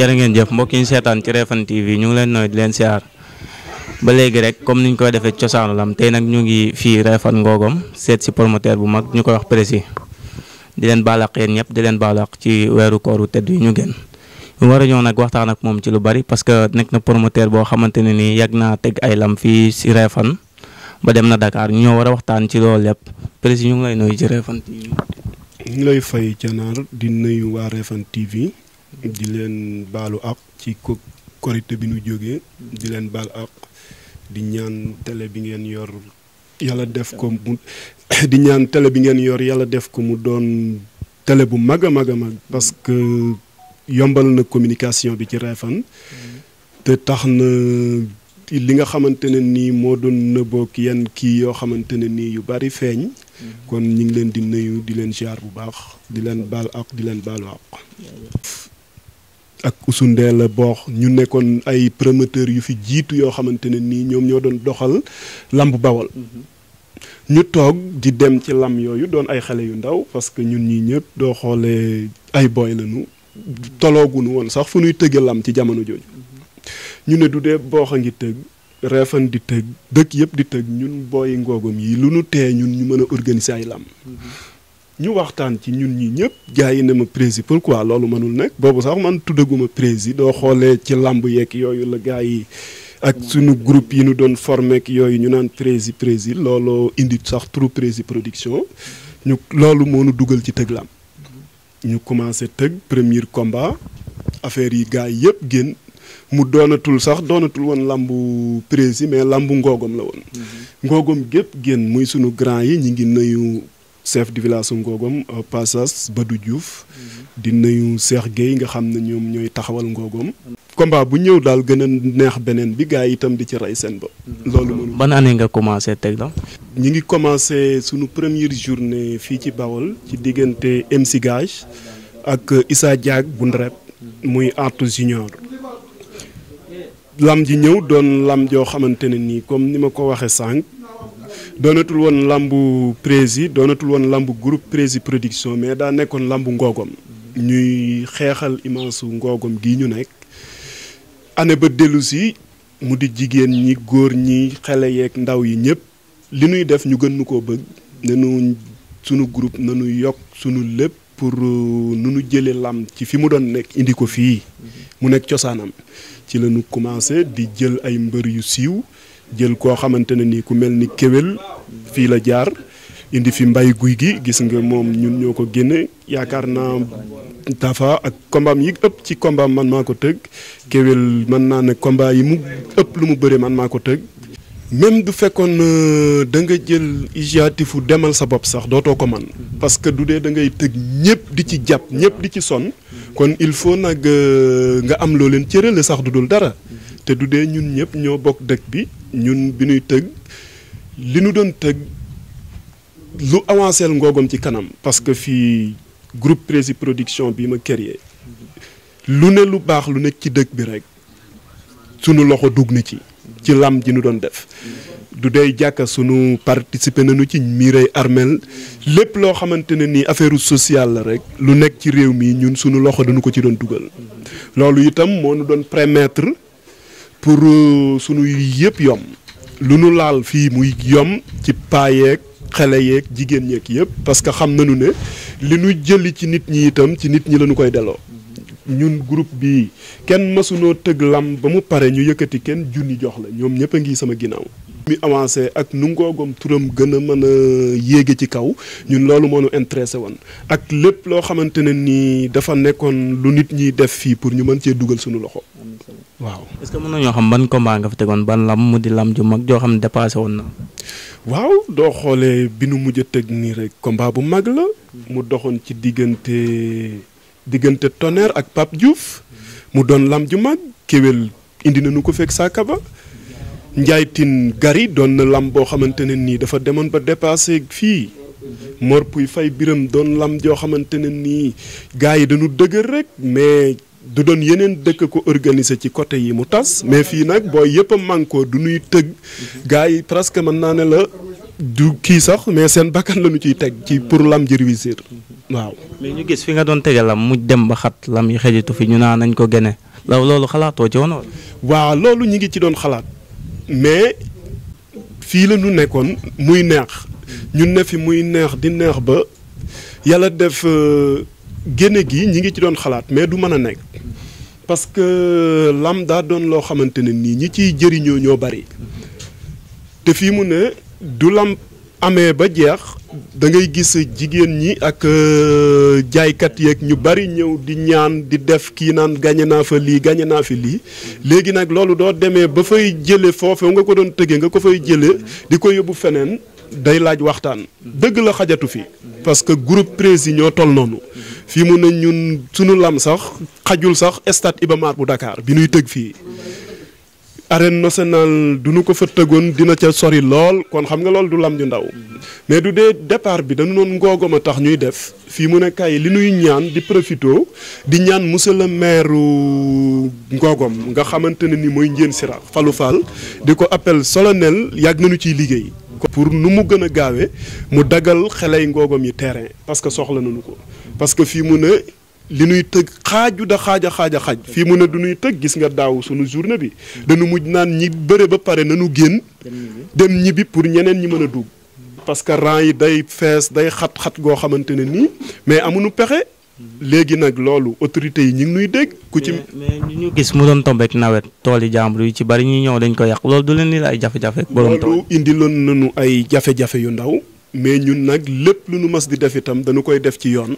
jërë ngeen jëf mbokk yi ñu ci refan TV ñu ngi leen noy di leen siar ba léegi rek comme niñ koy defee ciosanu lam tay nak ñu ngi fi refan Ngogom seet ci promoteur bu mag ñu koy wax Prési di leen balax yeen ñep di leen balax ci wéru kooru tedd yi ñu génn ñu wara ñoo nak waxtaan ak mom ci lu bari parce que nek na promoteur bo xamanteni ni yagna tegg teg ay lam fi ci refan ba dem na Dakar ñoo war a waxtaan ci loolu lépp président ñu ngi lay nuyu ci Refane TV. ñu lay fay di nuyu waa TV di leen baalu ak ci ko korite bi nu jógee di leen baal ak di ñaan télé bi ngeen yor yàlla def ko di ñaan télé bi ngeen yor yàlla def ko mu doon télé bu mag a mag a mag parce que yombal na communication bi ci refan te tax na li nga xamante ne nii moo doon nëbboog yan kii yoo xamante ne nii yu bari feeñ. Mm-hmm. kon ñu ngi leen di nuyu di leen ziar bu baax di leen baal ak di leen baalu ak ak Ousou la boox ñu nekkoon ay promoteur yu fi jiitu yoo xamante ne nii ñoom ñoo doon doxal lamb bawal. Mm-hmm. ñu toog di dem ci lam yooyu doon ay xale yu ndaw parce que ñun ñii ñëpp doo xoolee ay boy lañu. Mm-hmm. tolooguñu woon sax fu ñuy tëgge lam ci jamono jooju. ñu ne du dee boox a ngi tëgg reefan di tëgg dëkk yëpp di tëgg ñun booyi ngoogom yi lu nu tee ñun ñu mën a organiser ay làmb mm-hmm. ñu waxtaan ci ñun ñi ñëpp gars yi ne ma pour quoi loolu mënul nekk boobu sax man tuddaguma prési doo xoolee ci làmb yeeg yooyu la gars yi ak mm-hmm. sunu groupe yi nu doon formé ak yooyu ñu naan prési prési looloo indi sax trou prési production mm-hmm. ñu loolu moo nu dugal ci tëgg làmb ñu commencé tëgg premier combat affaire yi gars yi yëpp génn mu donatul sax donatul won lambu presi, mais lambu ngogom la won mhm. ngogom gep gen muy sunu grand yi ñi ngi nuyu chef du village ngogom euh, passas Badou Diouf mhm. di nuyu Cheikh Gueye nga xamne ñom ñoy taxawal ngogom combat bu ñew dal gëna neex benen bi gaay itam di ci ray sen mhm. loolu mënu ban année nga commencé tek la ñi ngi commencé sunu première journée fiki ci Bawol ci digënté MC Gage ak Issa Diag bu Ndrep muy Artu Junior lam ji ñëw doon lam joo xamante ne nii comme ni ma ko waxee sànq doonatul woon lambu prési doonatul woon lambu groupe prési production mais daa nekkoon lambu ngoogom ñuy xeexal immense ngoogom gi ñu nekk année ba dellu si mu di jigéen ñi góor ñi xele yeeg ndaw yi ñëpp li nuy def ñu gën nu koo bëgg ne nu sunu groupe na nu yokk sunu lépp pour euh, nu nu jëlee lam ci fi mu doon nekk indi ko fii mu nekk cosaanam. ci la ñu commencé di jël ay mbër yu siiw jël koo xamante ne nii ku mel ni kéwél fii la jaar indi fi mbay guy gi gis nga moom ñun ñoo ko génne yaakaar naa Tafa ak kombaam yi ëpp ci kombaam man maa ko tëgg kéwél mën naa ne komba yi mu ëpp lu mu bëre man maa ko tëgg. même du fekkoon euh, da nga jël initiative demal sa bopp sax dootoo ko man parce que du dee da ngay tëgg ñëpp di ci jàpp ñëpp di ci sonn. kon il faut nag euh, nga am loo leen cërale sax du dul dara te du dee ñun ñëpp ñoo bokk dëkk bi ñun bi ñuy tëgg li nu doon tëgg lu avancé ngoogom ci kanam parce que fii groupe Prési production bi ma créé lu ne lu baax lu nekk ci dëkk bi rek sunu loxo dugg na ci ci lam ji nu doon def du day jakk sunu participer nañu ci armel lepp lo xamante ni affaire sociale rek lu nek ci réew mi ñun sunu loxo dañu ko ci doon duggal lolu itam mo ñu doon permettre pour euh, sunu yépp yom lu ñu laal fi muy yom ci paayeeg xalé yek jigen ñek yépp parce que xam nañu ne li ñu jël ci nit ñi itam ci nit ñi lañu koy delloo ñun groupe bi kenn masuno teug lam ba mu pare ñu yëkëti kenn junni jox la ñom ñëpp ngi sama ginaaw mi avancé ak nu ngoogom turam gën a mën a yéege ci kaw ñun loolu moo ñu woon ak lépp loo xamante ne nii dafa nekkoon lu nit ñi def fii pour ñu mën cee dugal suñu loxo. waaw est que mën nañoo xam ban combat nga fa tegoon ban lam mu di lam ju mag joo xam ne dépassé woon na. waaw doo xoolee bi nu mujj a nii rek combat bu mag la. mu doxoon ci diggante diggante Tonnerre ak Pape Diouf. mu doon lam ju mag kéwél indi na nu ko fekk Sakaba Ndiaye Tine Gari doon na lam boo xamante ne nii dafa demoon ba dépassé fii Mor Pouy Fay Biram doon lam joo xamante ne nii gars yi dañu dëgër rek mais du doon yeneen dëkk ko organiser ci côté yi mu tas mais fii nag booy yëpp a mànkoo du nuy tëgg gars yi presque mën naa ne la du kii sax mais seen bakkan la ñu ciy teg ci pour lam ji réussir waaw. mais ñu gis fi nga doon tege lam mu dem ba xat lam yi xëjitu fi ñu naa nañ ko gene loolu xalaatoo ci woon waaw loolu ñu ngi ci doon xalaat. mais fii la ñu nekkoon muy neex ñu ne fi muy neex di neex ba yàlla def euh, génne gi ñi ngi ci doon xalaat mais du mën a nekk parce que euh, lam daa doon loo xamante ne nii ñi ciy jëriñoo ñoo bari te fii mu ne du lam amee ba jeex da ngay gis jigéen ñi ak euh, jaaykat yeeg ñu bari ñëw di ñaan di def kii naan gañe naa fa lii gañe naa fi lii léegi nag loolu doo demee ba fay jële foofu nga ko doon tëgee nga ko fay jële di ko yóbbu feneen day laaj waxtaan dëgg la xajatu fi parce que groupe prési ñoo toll noonu fii mu ne ñun sunu lam sax xajul sax stade Iba bu Dakar bi nuy tëg fii Aren nationale duñu ko fa teggone dina ca sori lol kon xam nga lol du lam ju ndaw mais du dé départ bi dañu non ngogoma tax ñuy def fi mu ne kay li ñuy ñaan di profito di ñaan monsieur le maire ngogom nga xamante ni moy njéen sira falu fal diko appel solennel yag nañu ci liggéey pour nu mu gëna gaawé mu dagal xeley ngogom yi terrain parce que soxla nañu ko parce que fi mu ne li nuy tëgg xaaju da xaaja xaaja xaaj fii mu ne du nuy tëgg gis nga daaw sunu journée bi danu mujj naan ñi bëre ba pare nanu génn dem ñibbi pour ñeneen ñi mën a dugg parce que rang yi day fees day xat-xat goo xamante ne nii mais amu nu pexe léegi nag loolu autorités yi ñu ngi nuy dégg ku ci mais ñu gis mu doon tombeek nawet tool yi jàmbur yu ci bari ñuy ñëw dañ ko yàq loolu du leen ni la ay jafe-jafe borom tool loolu indi loon nañu ay jafe-jafe yu ndaw mais ñun nag lépp lu nu mas di def itam dañu koy def ci yoon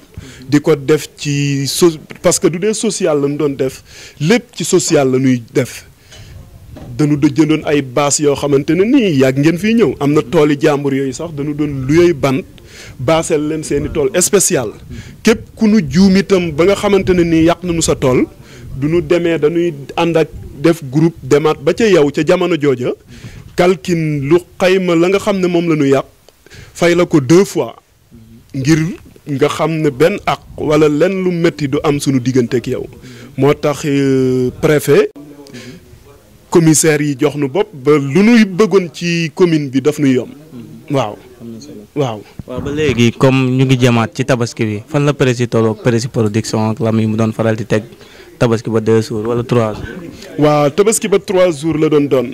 di ko def ci so parce que du dee social la doon def lépp ci social la ñuy def dañu da jëndoon ay baas yoo xamante ne nii yàgg ngeen fii ñëw am na tooli jàmbur yooyu sax dañu doon lu yooyu bant baaseel leen seeni tool spécial képp ku nu juum itam ba nga xamante ne nii yàq nañu sa tool du nu demee dañuy ànd ak def groupe demaat ba ca yow ca jamono jooja kalkin lu xayma la nga xam ne moom la ñu yàq fay la ko deux fois ngir nga xamne ben ak wala len lu metti du am suñu digënté ak yow motax euh, préfet commissaire yi jox nu bopp ba lu nuy bëggon ci commune bi daf nu yom waaw waaw waaw ba légui comme ñu ngi jëmaat ci tabaski bi fan la prési tolo prési production ak lam mu doon faral di teg tabaski ba 2 jours wala 3 jours waaw tabaski ba 3 jours la doon doon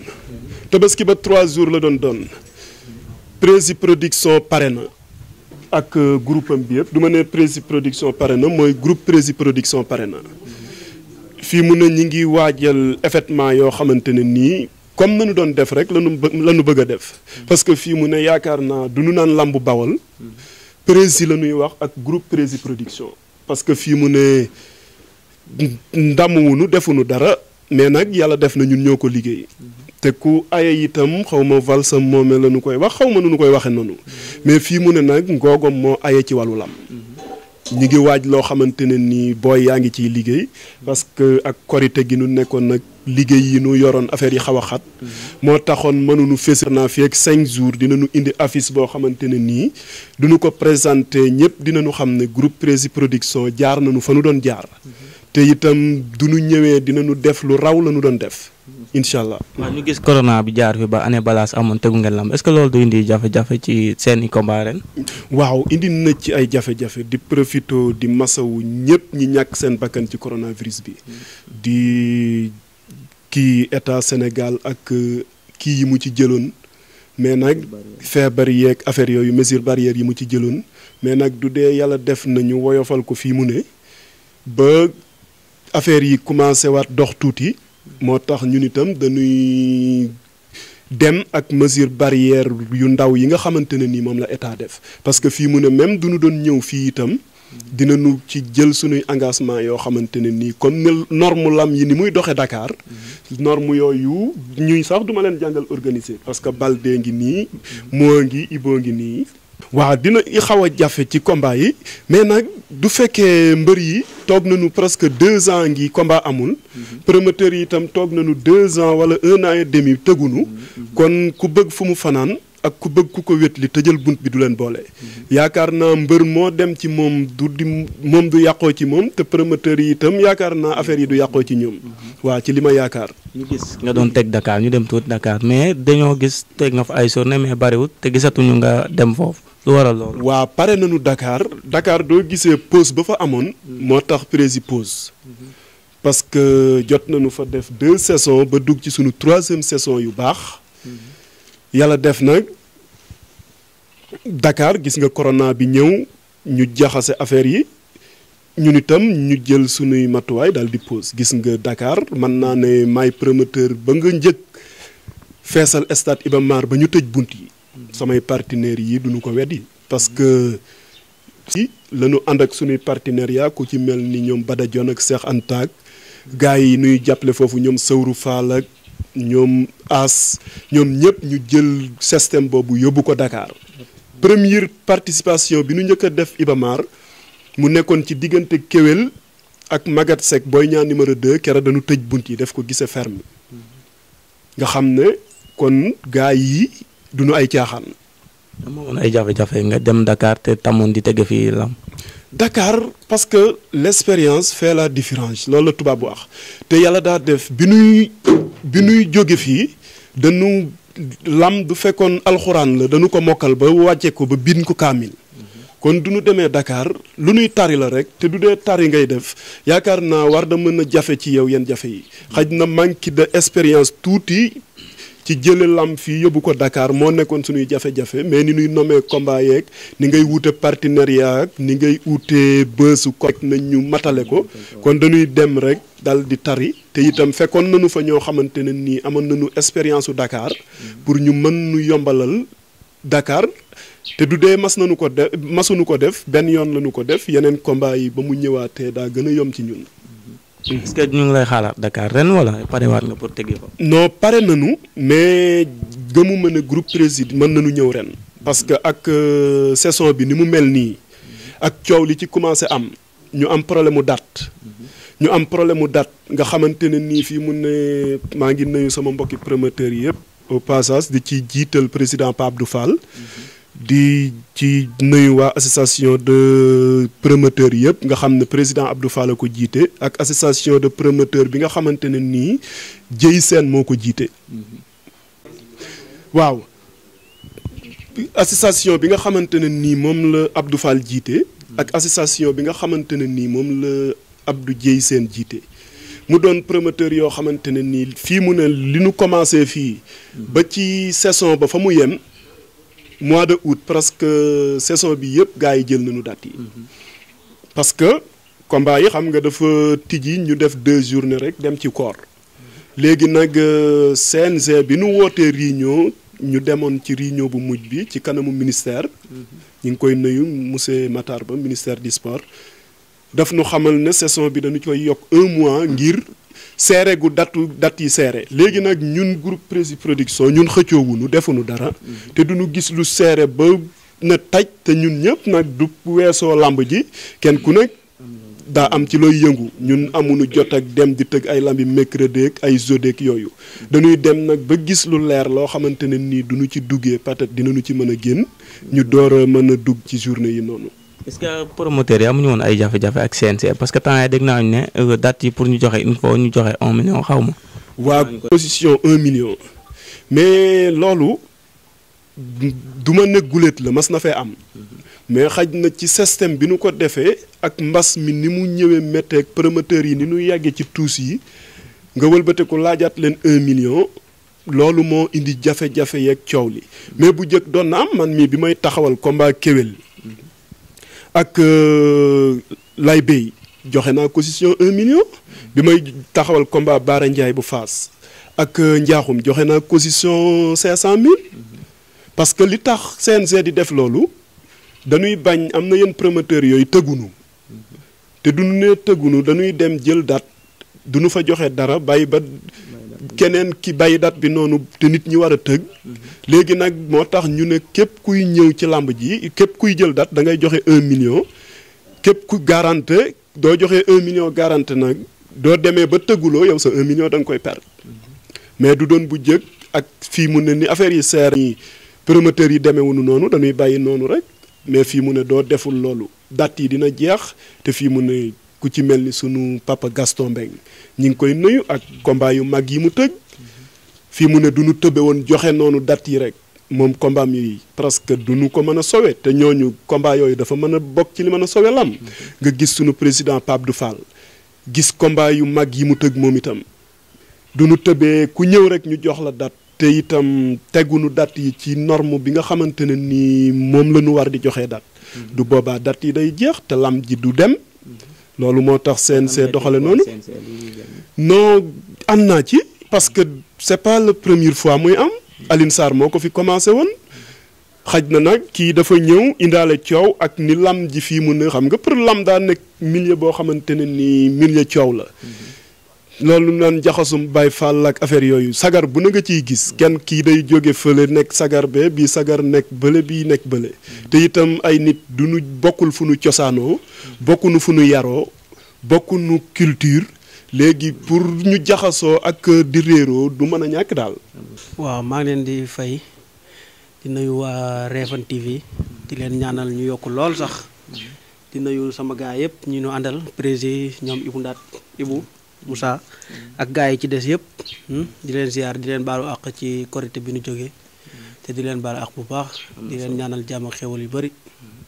tabaski ba 3 jours la doon doon Prési production pare na ak euh, groupe am bi yëpp du ma ne Prési production pare na mooy groupe Prési production pare na fii mu ne ñi ngi waajal effectivement yoo xamante ne nii comme nañu doon def rek lanu lañu bëgg a def parce que fii mu ne yaakaar naa du ñu naan làmb bawal Prési la ñuy wax ak groupe Prési production parce que fii mu ne ndamuwunu defuñu dara mais nag yàlla def na ñun ñoo ko liggéey te ku aye itam xaw ma valsam moome la nu koy wax xaw ma nu nu koy waxe noonu mais fii mu ne nag ngoogom moo aye ci wàllu lam ñu ngi waaj loo xamante ne nii booy yaa ngi ciy liggéey parce que ak korite gi nu nekkoon nag liggéey yi nu yoroon affaire yi xaw a xat moo taxoon mënuñu fés naa fi ak cinq jours dina dinañu indi affice boo xamante ne nii duñu ko présenté ñëpp dinañu xam ne groupe Prési Production jaar nañu fa nu doon jaar te itam du duñu ñëwee dinañu def lu raw la nu doon def incha allah. waaw ñu gis corona bi jaar bi ba année balance amoon tegu ngeen lam est ce que loolu du indi jafe-jafe ci seen i combat ren. waaw indi na ci ay jafe-jafe di profito di masawu ñëpp ñi ñàkk seen bakkan ci coronavirus bi di kii état Sénégal ak euh, kii yi mu ci jëloon mais nag feebar yeeg affaire yooyu mesure barrière yi mu ci jëloon mais nag du dee yàlla def nañu woyofal ko fii mu ne ba affaire yi commencé waat dox tuuti. moo tax ñun itam dañuy dem ak mesure barrière yu ndaw yi nga xamante ne nii moom la état def parce que fii mu ne même dunu doon ñëw fii itam dina dinañu ci jël suñuy engagement yoo xamante ne nii comme norme lam yi ni muy doxe dakaar norme yooyu ñuy sax duma leen jàngal organiser parce que Baldé ngi nii moo ngi Iboo ngi nii waaw dina xaw a jafe ci combat yi mais nag du fekkee mbër yi toog na nañu presque deux ans ngi combat amul. promoteur yi itam toog nañu deux ans wala un an et demi tëgunu kon ku bëgg fu mu fanaan. ak ku bëgg ku ko wét li tëjal bunt bi du leen boole. yaakaar naa mbër moo dem ci moom du di moom du yàqoo ci moom te promoteur yi itam yaakaar naa affaire yi du yàqoo ci ñoom. waa ci li ma yaakaar. ñu gis nga doon teg Dakar ñu dem tuuti Dakar mais dañoo gis teg nga fa ay journée mais bariwut te gisatuñu nga dem foofu. lu waral waa pare nañu Dakar Dakar doo gisee pause ba fa amoon. moo tax prési pause. parce que jot nañu fa def deux saisons ba dugg ci suñu troisième saison yu baax. yàlla def nag Dakar gis nga corona bi ñëw ñu jaxase affaire yi ñun itam ñu jël sunuy matuwaay daal di pause gis nga Dakar mën naa ne maay promoteur ba nga njëkk feesal stade Iba ba ñu tëj bunt yi. samay partenaires yi duñu ko weddi parce que si la ñu ànd ak suñuy yaa ku ci mel ni ñoom Badajon ak Cheikh Anta ak gars yi nuy jàppale foofu ñoom Sawru Fall ñoom As ñoom ñëpp ñu jël système boobu yóbbu ko Dakar première participation bi nu njëkk a def Ibamar mu nekkoon ci diggante Kewel ak Magat Seck booy ñaan numéro 2 kera dañu tëj bunt yi def ko gise ferme nga xam ne kon gars yi duñu ay caaxaan. amoon ay jafe-jafe nga dem dakaar te tamoon di tege fii lam dakaar parce que l' expérience fait la différence loolu la tubaab wax te yàlla daa def bi nuy bi nuy jóge fii danu lam du fekkoon alxuraan la dañu ko mokkal ba wàcce ko ba bin ko kaamil. kon du ñu demee dakaar lu nuy tari la rek te du dee tari ngay def yaakaar naa war da mën a jafe ci yow yenn jafe yi xaj na manque de expérience tuuti. ci jële lam fii yóbbu ko dakaar moo nekkoon suñuy jafe-jafe mais ni ñuy nomee combat ni ngay wuute partenariat ni ngay wuute bësu ko nañ ñu matale ko kon dañuy dem rek dal di tari te itam fekkoon nañu fa ñoo xamante ne nii amoon nañu expérience u Dakar pour ñu mën nu yombalal dakaar te du dee mas nañu ko def masuñu ko def benn yoon lañu ko def yeneen combat yi ba mu ñëwaatee daa gën a yom ci ñun est-ce ñu ngi lay xaalaat Dakar ren wala waat nga pour tegi ko. non pare nañu mais gëmuma ne groupe président mën nañu ñëw ren. parce que ak euh, saison bi ni mu mel nii ak coow li ci commencé am ñu am problème mu date. ñu am problème mu date nga xamante ne nii fii mu ne maa ngi nuyu sama mbokki promoteurs yi yëpp. au passage di ci jiital président Pape Abdou Fall. di ci nuyu waa association de promoteurs yëpp nga xam ne président Abdou Fall ko jiite ak association de promoteurs bi nga xamante ne nii Dieye seen moo ko jiite. waaw association bi nga xamante ne nii moom la Abdou Fall jiite. ak association bi nga xamante ne nii moom la Abdou Dieye seen jiite. mu doon promoteur yoo xamante ne nii fii mu ne li nu commencé fii. ba ci saison ba fa mu yem. mois de août presque saison bi yëpp gars yi jël nañu date yi. parce que combat yi xam nga dafa tijji ñu def deux journées rek dem ci koor. léegi nag euh, CNG bi nu wootee réunion ñu demoon ci réunion bu mujj bi ci kanamu ministère. Mhm. ñu ngi koy nuyu monsieur Matar Ba ministère du sport. daf nu xamal ne saison bi dañu koy yokk un mois ngir seere gu dattu dat yi seere léegi nag ñun groupe Prési production ñun xëccoowunu defuñu dara mm-hmm. te duñu gis lu seere ba na taj te ñun ñëpp nag du weesoo làmb ji kenn ku nekk daa am ci looy yëngu ñun amuñu jot ak dem di tëgg ay lambi mercredi ak ay jeudi ak yooyu mm-hmm. dañuy dem nag ba gis lu leer loo xamante ne nii duñu ci duggee peut-être dinañu ci mën a génn mm-hmm. ñu door a mën a dugg ci journée yi noonu est-ce que promoteur yi amuñu won ay jafé jafé ak CNC parce que temps yii dégg naa né ne euh, date yi pour ñu joxé il faut ñu joxé 1 million xaw wa position 1 million. mais lolu du ma ne gulet la mas na fee am. mais xajna ci système bi nu ko defee ak mbas mi ni mu ñëwé ñëwee ak promoteur yi ni nu yaggé ci tous yi nga ko laajaat leen 1 million. lolu mo indi jafé jafé yak ciowli mais bu jëk do na am man mi bi may taxawal combat kewel ak euh, lay bay joxe naa caution un bi may taxawal combat Baara Ndiaye bu Faas ak euh, njaaxum joxe naa caution cinq cent mille parce que li tax CNG di def loolu dañuy bañ am na yenn promoteurs yooyu tëggunu te duñu ne tëggunu dañuy dem jël date dunu fa joxe dara bàyyi ba keneen ki bàyyi date bi noonu te nit ñi war a tëgg léegi nag moo tax ñu ne képp kuy ñëw ci làmb ji képp kuy jël date da ngay joxe un million képp ku garanté doo joxe un million garanté nag doo demee ba tëgguloo yow sa un million da nga koy perdre mais du doon bu jëkk ak fii mu ne ni affaire yi seer yi promoteurs yi wu demeewuñu noonu dañuy bàyyi noonu rek mais fii mu ne doo deful loolu date yi dina jeex te fii mu ne ku ci melni ni sunu papa gaston Beng. ñi ngi koy nuyu ak combat yu mag yi mu tej won mu ne duñu tebe won joxe nonu dat yi rek mom combat yi presque duñu ko mën sowé te ñoñu combat dafa bok ci li sowé lam nga gis sunu président pape du fall gis combat yu mag yi mu tej mom itam johla tebe ku ñew rek ñu jox la dat te itam tegunu dat yi ci norme bi nga xamantene ni mom lañu war di joxe dat du boba dat yi day jeex te lam ji du dem loolu moo tax seen CNC doxale noonu noo am naa ci parce que c'est pas la première fois muy am Alioune moo ko fi commencé woon xaj na nag kii dafa ñëw indaale coow ak ni lam ji fii mun a xam nga pour lam daa nekk milieu boo xamante ne ni milieu coow la mm-hmm. loolu naan jaxasum Baay Faal ak affaire yooyu sagar bu na nga ciy gis kenn kii day jóge fële nekk sagar be bii sagar nekk bële bii nekk bële te itam ay nit du nu bokkul fu nu cosaanoo bokkunu fu nu yaroo bokkunu culture léegi pour ñu jaxasoo ak di réeroo du mën a ñàkk daal. waaw maa ngi leen di fay di nuyu waa Refane TV di leen ñaanal ñu yokk lool sax di nuyu sama gaa yëpp ñu nu àndal président ñoom Ibou Ndaat Ibou. Moussa ak gaay ci dess yépp hmm, di leen ziar di leen balu ak ci korité bi nu jógee te di leen baalu ak bu baax di leen ñaanal jamm xewal yu bari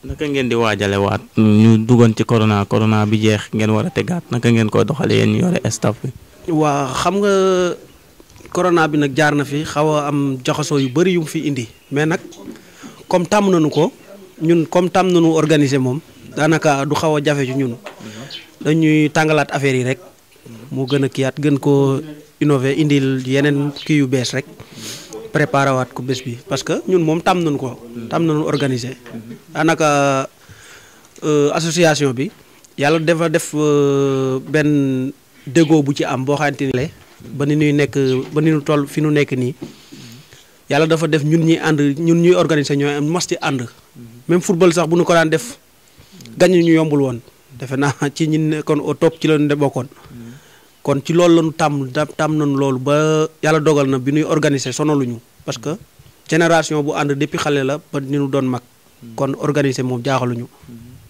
naka ngeen di waajale waat ñu duggoon ci corona corona bi jeex ngeen wara a naka ngeen ko yeen yore staff bi waa xam nga corona bi nak jaar na fi xawa am jaxasoo yu bari yu fi indi mais nak comme tam nañu ko ñun comme tam nañu organiser mom danaka du xawa jafé ci ñun mhm. dañuy tangalat affaire yi rek moo gën a kiyaat gën koo innover indil yeneen kii yu bees rek préparé waat ko bés bi parce que ñun moom tam nañ ko. tam nañu organiser. daanaka euh, association bi yàlla dafa def euh, benn déggoo bu ci am boo xamante ni ba ni ñuy nekk ba ni ñu toll fi ñu nekk nii yàlla dafa def ñun ñuy ànd ñun ñuy organiser ñooy mas ci ànd. même football sax bu ñu ko daan def gañ ñu yombul woon defe naa ci ñu nekkoon au top ci la ñu bokkoon. kon ci loolu lañu tam tam non loolu ba yàlla dogal na bi ñuy organiser pas parce que génération bu ànd depuis xale la ba ni ñu doon mag kon organiser moom jaaxaluñu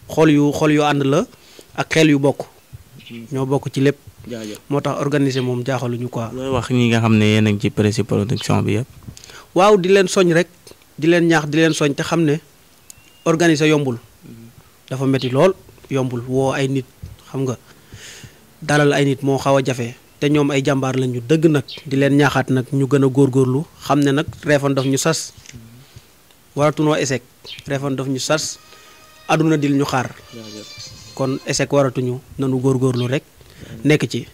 xol yu xol yu ànd la ak xel yu bokk ñoo bokk ci lépp moo tax organiser moom jaaxaluñu quoi looy wax ñi nga xam ne yéen ci presse production bi yëpp waaw di leen soñ rek di leen ñaax di leen soñ te xam ne organiser yombul mm-hmm. dafa metti lool yombul woo ay nit xam nga dalal ay nit moo xaw a jafe te ñoom ay jàmbaar lañ ñu dëgg nag di leen ñaaxaat nag ñu gën a góorlu xam ne nag Refane daf ñu sas waratunoo échec Refane daf ñu sas aduna dil ñu xaar kon échec waratuñu nanu góorlu rek nekk ci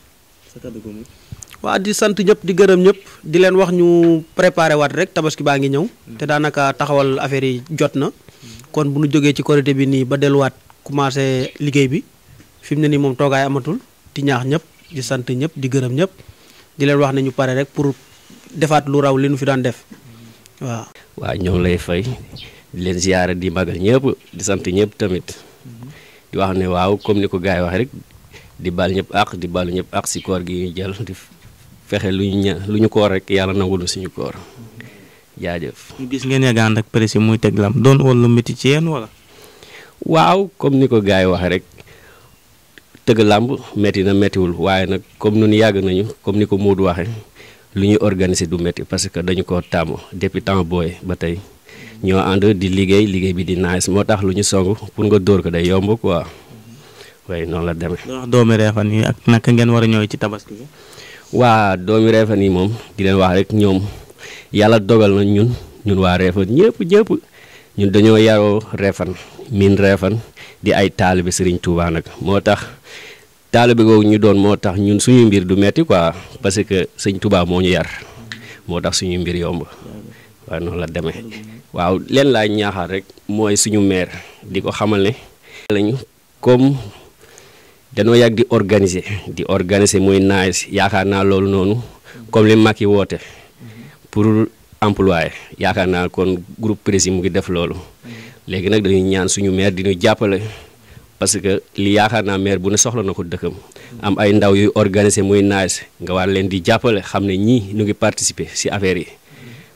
waa di sant ñëpp di gërëm ñëpp di leen wax ñu préparé waat rek tabaski baa ngi ñëw hmm. te daanaka taxawal affaire yi jot na hmm. kon bu ñu jógee ci korité bi nii ba delluwaat commencé liggéey bi fi mu ne nii moom toogaay amatul di ñaax ñëpp di sant ñëpp di gërëm ñëpp di leen wax ne ñu pare rek pour defaat lu raw li nu fi daan def waaw. waaw ñoo lay fay di leen ziare di magal ñëpp di sant ñëpp tamit di wax ne waaw comme ni ko gars yi waxee rek di baal ñëpp àq di baalu ñëpp àq si koor gi fexe lu lu ñu koor rek yàlla nangul suñu koor jaajëf. ñu gis ngeen yàgg ànd ak presse teg lam doon wala lu métti ci waaw comme ni ko gars yi waxee rek. tëgg lamb metti na wul waaye nag comme nun yàgg nañu comme ni ko Modou waxe lu ñuy organiser du metti parce que dañu ko tàmm depuis temps booy ba tey ñoo ànd di liggéey liggéey bi di nice moo tax lu ñu song pour nga dóor ko day yomb quoi way noonu la demee. wax doomi Refane yi ak naka ngeen war a ñëw ci tabaski wa waa doomi Refane yi moom di leen wax rek ñoom yàlla dogal na ñun ñun waa Refane ñëpp ñëpp ñun dañoo yaroo refan min refan di ay taalibe sëriñ Touba nag moo tax taalibe kooku ñu doon moo tax ñun suñu mbir du metti quoi parce que sëñ Touba moo ñu yar moo tax suñu mbir yomb waaye noonu la demee waaw leen laay ñaaxal rek mooy suñu maire di ko xamal ne lañu comme danoo yàgg di organiser di organiser muy naaj yaakaar naa loolu noonu comme li Macky woote pour employé yaakaar naa kon groupe prési mu ngi def loolu léegi nag dañuy ñaan suñu maire di ñu jàppale parce que li yaakaar naa maire bu ne soxla na ko dëkkam am ay ndaw yuy organiser muy naaj nga war leen di jàppale xam ne ñii ñu ngi participer si affaire yi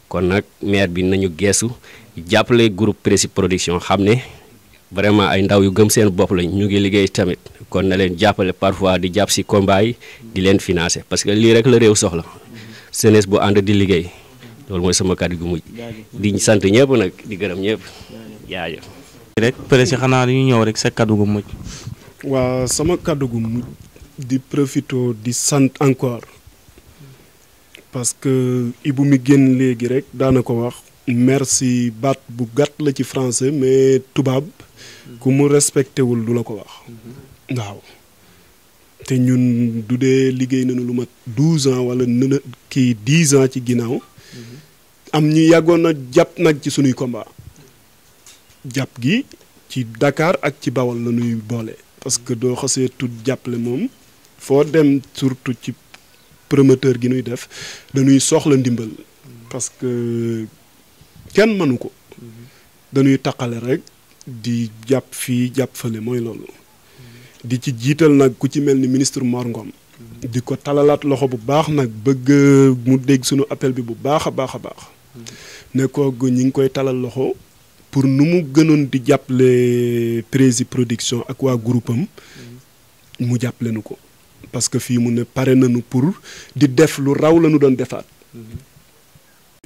kon nag maire bi nañu geesu jàppale groupe Prési production xam ne vraiment ay ndaw yu gëm seen bopp lañ ñu ngi liggéey tamit kon na leen jàppale parfois di jàpp si combat yi di leen financer parce que lii rek la réew soxla jeunesse bu ànd di liggéey loolu mooy sama kàddu gu mujj di sant ñëpp nag di gërëm ñëpp. jaajëf. rek pare si xanaa ñu ñëw rek sa kaddu gu mujj. waaw sama kaddu gu mujj di profito di sant encore parce que Ibou mi génn léegi rek daana ko wax. merci baat bu gàtt la ci français mais tubaab ku mu respecté wul du la ko wax. waaw te ñun du dee liggéey nañu lu ma douze ans wala nëna kii dix ans ci ginnaaw. am ñu yàggoon na jàpp nag ci sunuy combat. jàpp gi ci dakaar ak ci Bawol la ñuy boole parce que doo xasee tudd jàppale moom foo dem surtout ci promoteur gi nuy def dañuy soxla ndimbal parce que kenn mënu ko danuy taqale rek di jàpp fii jàpp fële mooy loolu di ci jiital nag ku ci mel ni ministre Mor Ngom di ko talalaat loxo bu baax nag bëgg mu dégg sunu appel bi bu baax a baax a baax ne ñi ngi koy talal loxo pour nous mu gënon di jappelé Prési production ak wa groupe mu jappelé nuko parce que fi mu ne paré nañu pour di def lu raw la ñu doon defaat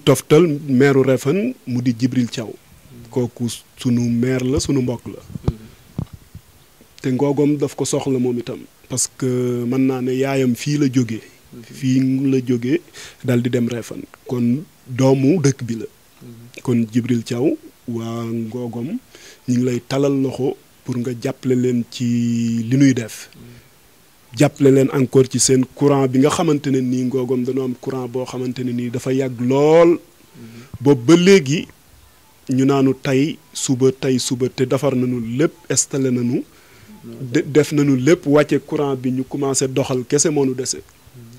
toftal maire Refane mu di jibril Thiaw koku sunu maire la sunu mbok la té ngogom daf ko soxla momitam parce que man na ne yaayam fi la joggé fi la joggé dal di dem Refane kon doomu dekk bi la kon Jibril Thiaw waa Ngogom ñu ngi lay talal loxo pour nga jàppale leen ci li nuy def jàppale leen encore ci seen courant bi nga xamante ne nii Ngogom dañoo am courant boo xamante ne nii dafa yàgg lool boobu ba léegi ñu naanu tey suba tey suba te defar nañu lépp installé nañu def nañu lépp wàcce courant bi ñu commencé doxal kese moo nu dese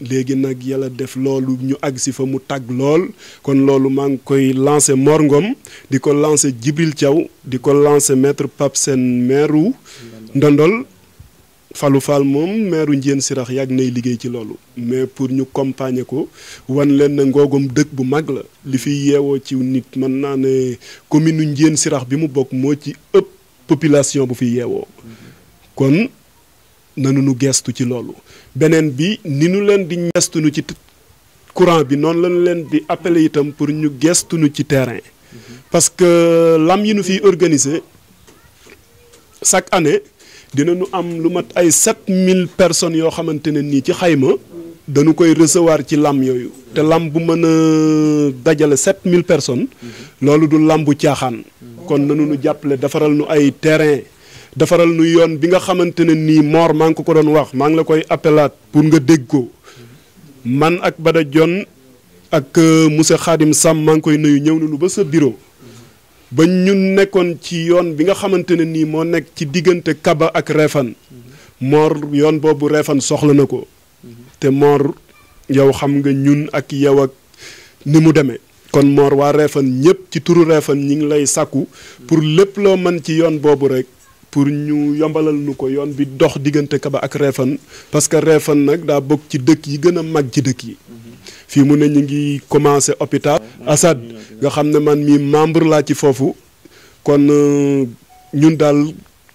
léegi nag yàlla def loolu ñu àgg si fa mu tàgg lool kon loolu maa ngi koy lancé Mor di ko lancé Djibril Thiaw di ko lancé maître Pape seen meeru Ndondol falu Fall moom meeru Ndiène Sirax yàgg nay liggéey ci loolu mais pour ñu compagner ko wan leen ne dëkk bu mag la li fi yeewoo ci nit mën naa ne commune njeen Sirax bi mu bokk moo ci ëpp population bu fi yeewoo kon nanu nu geestu ci loolu beneen bi ni nu leen di gestu nu ci courant bi noonu lañu leen di appeler itam pour ñu geestunu ci terrain mhm. parce que lam yi nu fiy organiser chaque année dinañu am lu mat ay 7000 personnes yoo xamante ne nii ci xayma danu koy recevoir ci lam yooyu te lam bu mën a dajale mille personnes mhm. loolu du lam bu caaxaan mhm. kon nanu nu jàppale defaral nu ay terrain defaral nu yoon bi nga xamantene ni nii mang apelat ko ko don wax mang la koy appelat pour nga deg ko man ak Bada jon ak euh, monsieur Khadim Sam mang koy nuyu ñew nu ba sa bureau ba ñun nekkon ci yoon bi nga xamantene ni mo nek ci Kaba ak refan, mor yoon bobu refan soxla nako ko te moor yow xam nga ñun ak yow ak ni mu kon mor wa refan ñëpp ci turu refan ñing lay saku pour lepp lo man ci yoon bobu rek pour ñu yombalal nu ko yoon bi dox diggante kaba ak réfan parce que réfan nak da bok ci dëkk yi gëna mag ci dëkk yi fi mu ne ñi ngi commencé hôpital Assad nga xamne man mi membre la ci fofu kon euh, ñun dal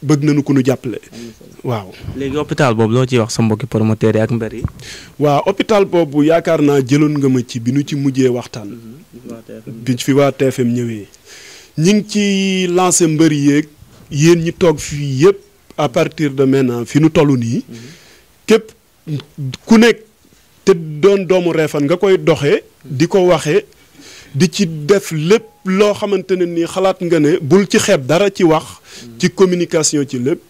bëgg nañu ku nu jappalé waaw légui hôpital bobu lo ci wax sa mbokki promoteur yi ak mbër wa hôpital bobu yaakaar naa jëloon nga ma ci bi ñu ci mujjé waxtaan mhm. biñ fi wa TFM ñëwé ñing ci lancer mbeur yéen ñi toog fii yëpp à partir de maintenant fi nu toll nii képp ku nekk te doon doomu reefan nga koy doxee di ko waxee di ci def lépp loo xamante ne nii xalaat nga ne bul ci xeeb dara ci wax ci communication ci lépp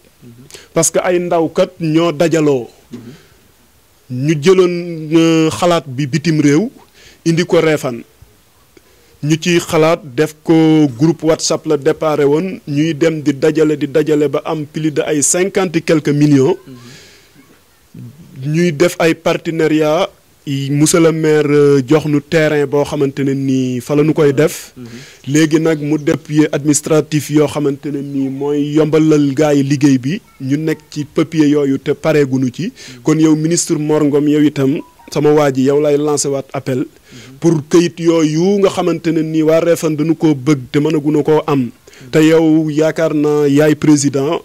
parce que ay ndawkat ñoo dajaloo ñu jëloon euh, xalaat bi bitim réew indi ko reefan ñu ciy xalaat def ko groupe whatsapp la déparé woon ñuy dem di dajale di dajale ba am plus de ay cinquante et quelques ñuy def ay partenariat monsieur le maire euh, jox nu terrain boo xamante ne nii fa la ñu koy def léegi nag mu dépuye administratif yoo xamante ne nii mooy yombalal gars yi liggéey bi ñu nekk ci papier yooyu te pareeguñu ci kon yow ministre Mor Ngom yow itam sama waa ji yow lay lancé waat appel mhm. pour këyit yooyu nga xamante ne nii waa Refane dañu ko bëgg te mënaguna koo am mhm. te yow yaakaar naa yaay président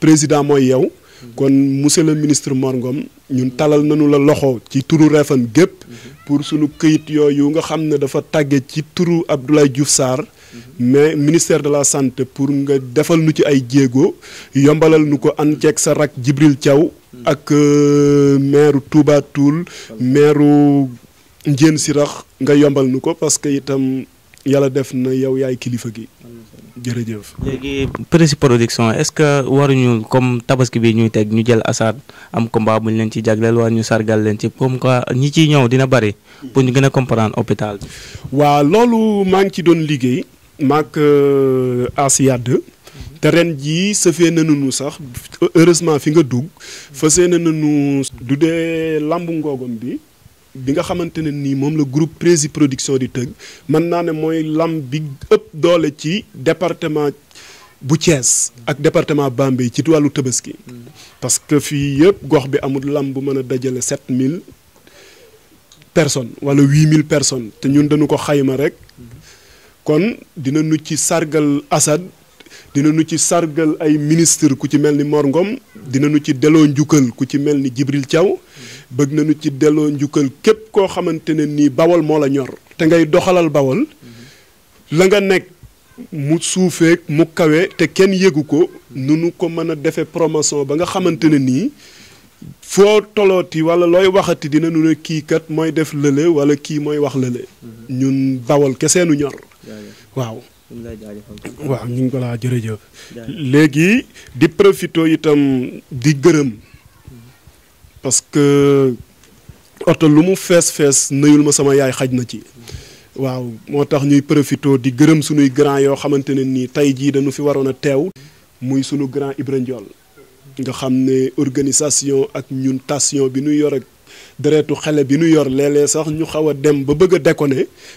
président mooy yow mhm. kon monsieur le ministre Mor Ngom ñun talal nañu la loxo ci turu Refane gépp pour sunu këyit yooyu nga xam ne dafa tàgge ci turu Abdoulaye Diouf Sarr mais ministère de la santé pour nga defal nu ci ay jéego yombalal nu ko ànd ceeg sa rak Jibril Thiaw ak euh, maire Touba Toul maire Ndiène Sirax nga yombal nu ko parce que itam yàlla def na yow yaay kilifa gi jërëjëf. léegi Prési Production est-ce que waruñu comme tabaski bi ñuy teg ñu jël asaat am combat bu ñu leen ci jagleel wala ñu sargal leen ci comme quoi ñi ciy ñëw dina bari pour ñu gën a comprendre hôpital bi. loolu maa ngi ci doon liggéey. maak euh, Asiad ji se fe safee nu sax heureusement fi nga dugg fasee nanunu du dee lamb ngogom bi bi nga xamantene ni mom le groupe Prési production di teug man na ne moy lamb bi ëpp doole ci département bu Thiès ak département Bambey ci wàllu tebeski parce que fi yëpp gox bi amul lamb bu mën dajale 7000 personne wala 8000 personnes te ñun dañu ko xayma rek kon dina nu sargal Assad dinañu ci sargal ay ministre ku ci melni ni Mor Ngom dinañu ci kuchimel njukal ku ci melni ni Jibril Chau. bëgg nañu ci delo njukal kep ko xamantene ni bawol bawal la ñor te ngay doxalal bawal la nga nek mu suufeeg mu kawe te kenn yeguko ko nu nu ko mën défé promotion ba nga xamantene ni fo toloti wala loy waxati dina mm-hmm. nu ki kat moy def lele wala ki moy wax lele ñun bawal kessenu ñor waaw waaw ñu ngi ko laa jërëjëf léegi di profito itam di gërëm parce que oto lu mu fees fees nuyul ma sama yaay xaj na ci waaw moo tax ñuy profito di gërëm sunuy grand yoo xamante ne nii tey jii dañu fi waroon a teew muy sunu grand Ibra Ndiol nga xam ne organisation ak ñun tation bi ñu yor ak deretu xale bi ñu yor léeg sax ñu xaw a dem ba bëgg a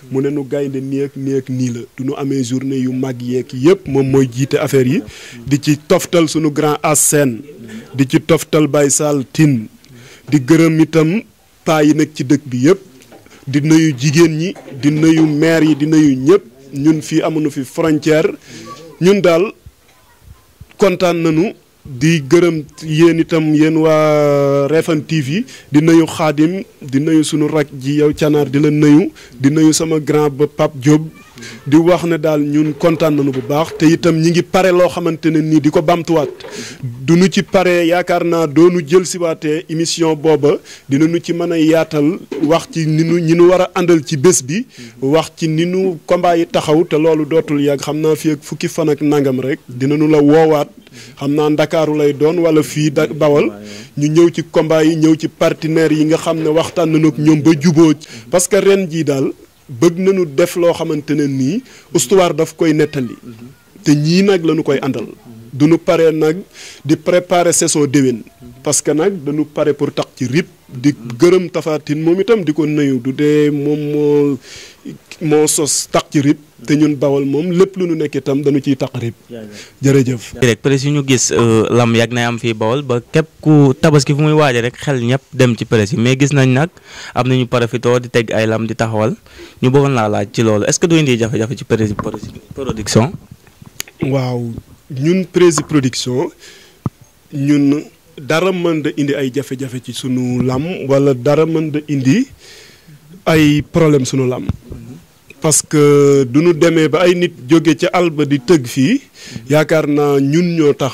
mu ne nu gaynde nii ak nii ak nii la du ñu amee journée yu mag yeeg yëpp moom mooy jiite affaire yi di ci toftal suñu grand as seen di ci toftal bay Sall tin di gërëm itam paa yi nag ci dëkk bi yëpp di nuyu jigéen ñi di nuyu meer yi di nuyu ñëpp ñun fii amuñu fi frontière ñun daal kontaan nañu. di gërëm yéen itam yéen waa Refane TV di nuyu Xaadim di nuyu sunu rak ji yow canaar di la nuyu di nuyu sama grand ba Pape Diop. di wax ne daal ñun kontaan nañu bu baax te itam ñi ngi pare loo xamante ne nii di ko bamtuwaat du ñu ci pare yaakaar naa doonu jël siwaatee émission booba dina dinañu ci mën a yaatal wax ci ni nu ñi nu war a àndal ci bés bi wax ci ni nu combat yi taxaw te loolu dootul yàgg xam naa fi ak fukki fan ak nangam rek dinañu la woowaat xam naa ndakaaru lay doon wala fii da bawal ñu ñëw ci combat yi ñëw ci partenaires yi nga xam ne waxtaan nañu ak ñoom ba juboo parce que ren jii daal bëgg nañu def loo xamante ne nii histoire daf koy nettali mhm. te ñii nag lañu koy àndal nous parer nag di préparer saison déwén parce que nag nous pare pour tax ci rip di gërëm tafatine momitam itam di ko nuyu du dee moom moo moo sos tax ci rip te ñun bawal moom lépp lu nu nekk itam dañu rip jërëjëf rek presse ñu gis euh, lam yàgg na am fii bawal ba képp ku tabaski fu muy waaje rek xel ñëpp dem ci presse mais gis nañ nag am nañu parafitoo di teg ay lam di taxawal ñu bëggoon laa laaj ci loolu est ce que du indi jafé jafe ci presse production waaw ñun Prési Production ñun dara mën da indi ay jafe-jafe ci sunu làm wala dara mën da indi ay problème sunu làmb parce que du ñu demee ba ay nit jóge ca àll di tëgg fii yaakaar naa ñun ñoo tax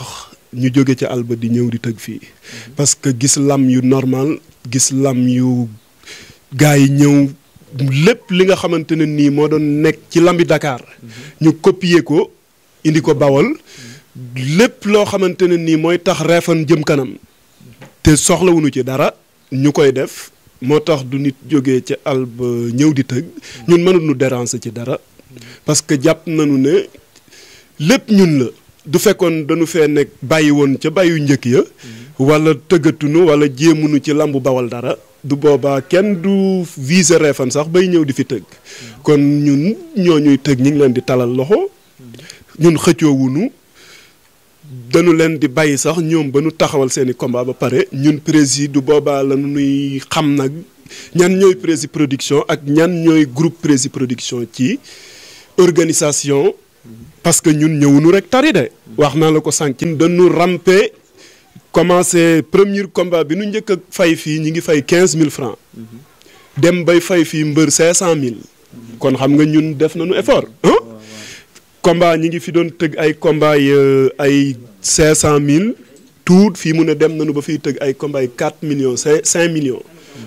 ñu jóge ca àll di ñëw di tëgg fii parce que gis làmb yu normal gis làmb yu gaa yi ñëw lépp li nga xamante ne nii moo doon nekk ci làmbi dakaar ñu copier ko indi ko bawal lépp loo xamante ne nii mooy tax reefan jëm kanam te soxlawuñu ci dara ñu koy def moo tax du nit jóge ca àll ba ñëw di tëgg ñun mënuñu déranger ci dara parce que jàpp nañu ne lépp ñun la du fekkoon dañu fee nekk bàyyi woon ca bàyyu njëkk ya wala tëggatunu wala jéemunu ci lambu bawal dara du boobaa kenn du viser reefan sax bay ñëw di fi tëgg kon ñun ñoo ñuy tëgg ñu ngi leen di talal loxo ñun xëccoowunu dañu leen di bàyyi sax ñoom ba nu taxawal seeni i ba pare ñun prési du boobaa la nuy xam nag ñan ñooy prési production ak ñan ñooy groupe prési production ci organisation parce que ñun ñëwunu rek tari de wax naa la ko sànq ñun dañu rampe commencé premier combat bi nu njëkk a fay fii ñu ngi fay quinze mille francs dem bay fay fii mbër cinq cent mille kon xam nga ñun def nañu effort combat ñi ngi fi doon tëgg ay combat ay cinq cent mille tout fii mu ne dem nañu ba fiy tëgg ay combat ay quatre millions cinq cinq millions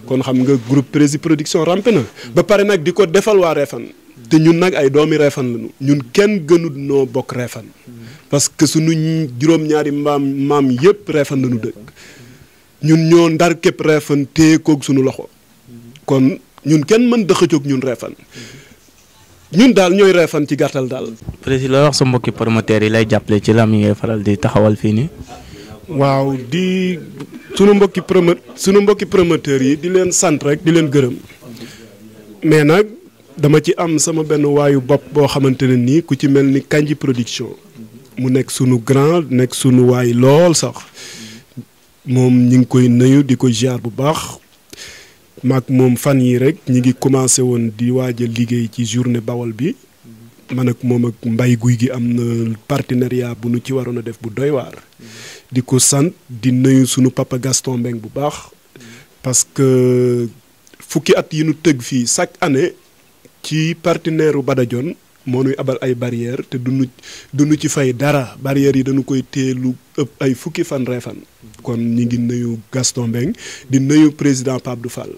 kon xam nga groupe Prési production rampe na ba pare nag di ko defal waa Refane te ñun nag ay doomi Refane lañu ñun kenn gënu noo bokk reefan parce que suñu juróom-ñaari maam maam yëpp Refane lañu dëkk ñun ñoo ndar képp Refane téye koog suñu loxo kon ñun kenn mën dëxëcoog ñun Refane ñun dal ñoy réfan ci gattal dal président wax sa mbokki promoteur yi lay jàppale ci lam faral di taxawal fini nii. waaw di suñu mbokki promoteur suñu mbokki promoteur yi di leen sant rek di leen gëreum mais nak dama ci am sama benn wayu bop bo xamante ni ku ci mel ni kanji production mu nek sunu grand nek sunu way lol sax mom ñing koy di ko bu baax maak moom fan yii rek ñi ngi commencé woon di waaja liggéey ci journée bawal bi man ak moom ak mbay guy gi am na partenariat bu nu ci waroon a def bu doy waar di ko sant di nuyu sunu papa Gaston Mbengue bu baax parce que fukki at yi nu tëgg fii chaque année ci partenaire u Badajon moo nuy abal ay barrière te du duñu ci fay dara barrières yi dañu koy teelu ëpp ay fukki fan reefan kon ñi ngi nuyu Gaston Mbengue di nuyu président Pape Dou Fall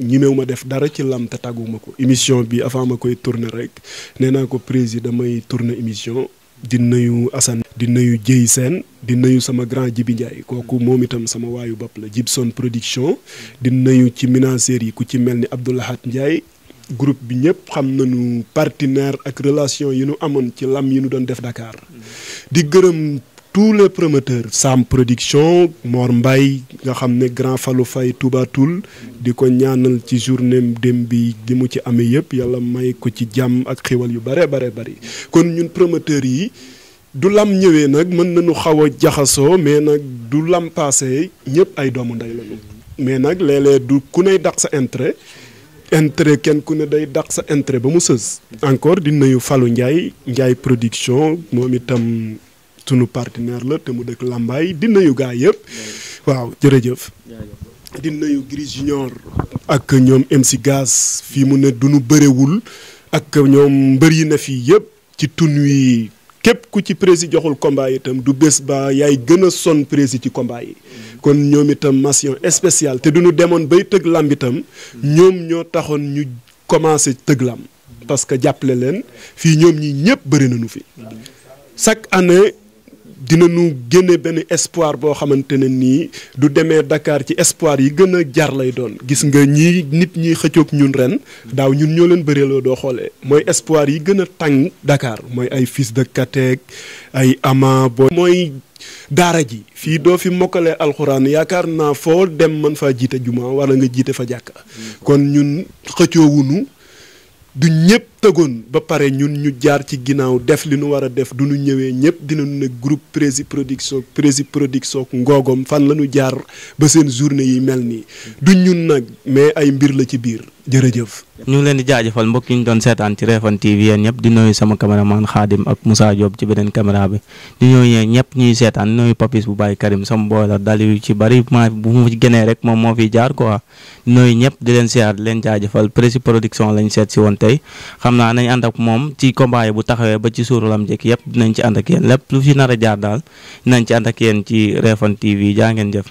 ñimew ma def dara ci lam te tàgguma ko émission bi avant ma koy tourner rek nee naa ko président damay tourner émission di nuyu Assane di nuyu Dieye seen di nuyu sama grand Jibi Ndiaye kooku moom itam sama waayu bopp la Gibson production di nuyu ci financiers yi ku ci mel ni Abdoulahat Ndiaye groupe bi ñëpp xam nanu partinaire ak relation yi nu amoon ci lam yi ñu doon def Dakar di gërëm tous les promoteurs Sam Production moor Mbaye nga xam ne Grand Fallou fay Touba di ko ñaanal ci journée dem bi di mu ci amee yëpp yàlla may ko ci jàmm ak xéwal yu bare bare bëri kon ñun promoteurs yi du lam ñëwee nag mën nañu xaw a jaxasoo mais nag du lam passé ñëpp ay doomu ndey lañu mais nag léeg du ku ne daq sa intérêt intérêt kenn ku ne day daq sa intérêt ba mu sës encore di nuyu Fallou Ndiaye Ndiaye Production moom itam sunu partenaire la te mu dëkk Lambaay di nuyu gaa yëpp waaw jërëjëf. di nuyu Gris Junior ak ñoom MC Gaz fii mu ne du nu bërewul ak ñoom mbër yi na fii yëpp ci tun yi képp ku ci prési joxul combat itam du bés ba yaay gën a son prési ci combat yi kon ñoom itam mention spéciale te du ñu demoon bay tëgg làmb ñoom ñoo taxoon ñu commencé tëgg làmb parce que jàppale leen fii ñoom ñi ñëpp bëri nañu fi chaque année dina nu génne benn espoir boo xamante ne nii du demee Dakar ci espoir yi gën a jar lay doon gis nga ñii nit ñi xëccoog ñun ren daaw ñun ñoo leen bëreeloo doo xoolee mooy espoir yi gën a tàng Dakar mooy ay fils de Katek ay ama boo mooy daara ji fii doo fi mokkalee alxuraan yaakaar naa foo dem mën faa jiite juma wala nga jiite fa jàkka mm. kon ñun xëccoowunu du ñëpp tëggoon ba pare ñun ñu jaar ci ginnaaw def li nu war a def du ñu ñëwee ñëpp dinañu ne groupe Prési Production Prési Production ngoogom fan la ñu jaar ba seen journée yi mel nii du ñun nag mais ay mbir la ci biir jërëjëf. ñu ngi leen di jaajëfal mbokk yi ñu doon seetaan ci Refane TV yéen ñëpp di nuyu sama caméraman Khadim ak musaa Diop ci beneen caméra bi di nuyu yéen ñëpp ñuy seetaan nuyu papis bu bàyyi Karim sama booy la dal yu ci bari ma bu mu rek moom moo fiy jaar quoi nuyu ñëpp di leen siyaar leen jaajëfal Prési Production lañ seet si woon tey xam naa nañ ànd ak moom ci combat bu taxawee ba ci suuru lam njëkk yëpp dinañ ci ànd ak yéen lépp lu fi nar a jaar daal dinañ ci ànd ak yéen ci Refane TV jaa ngeen jëf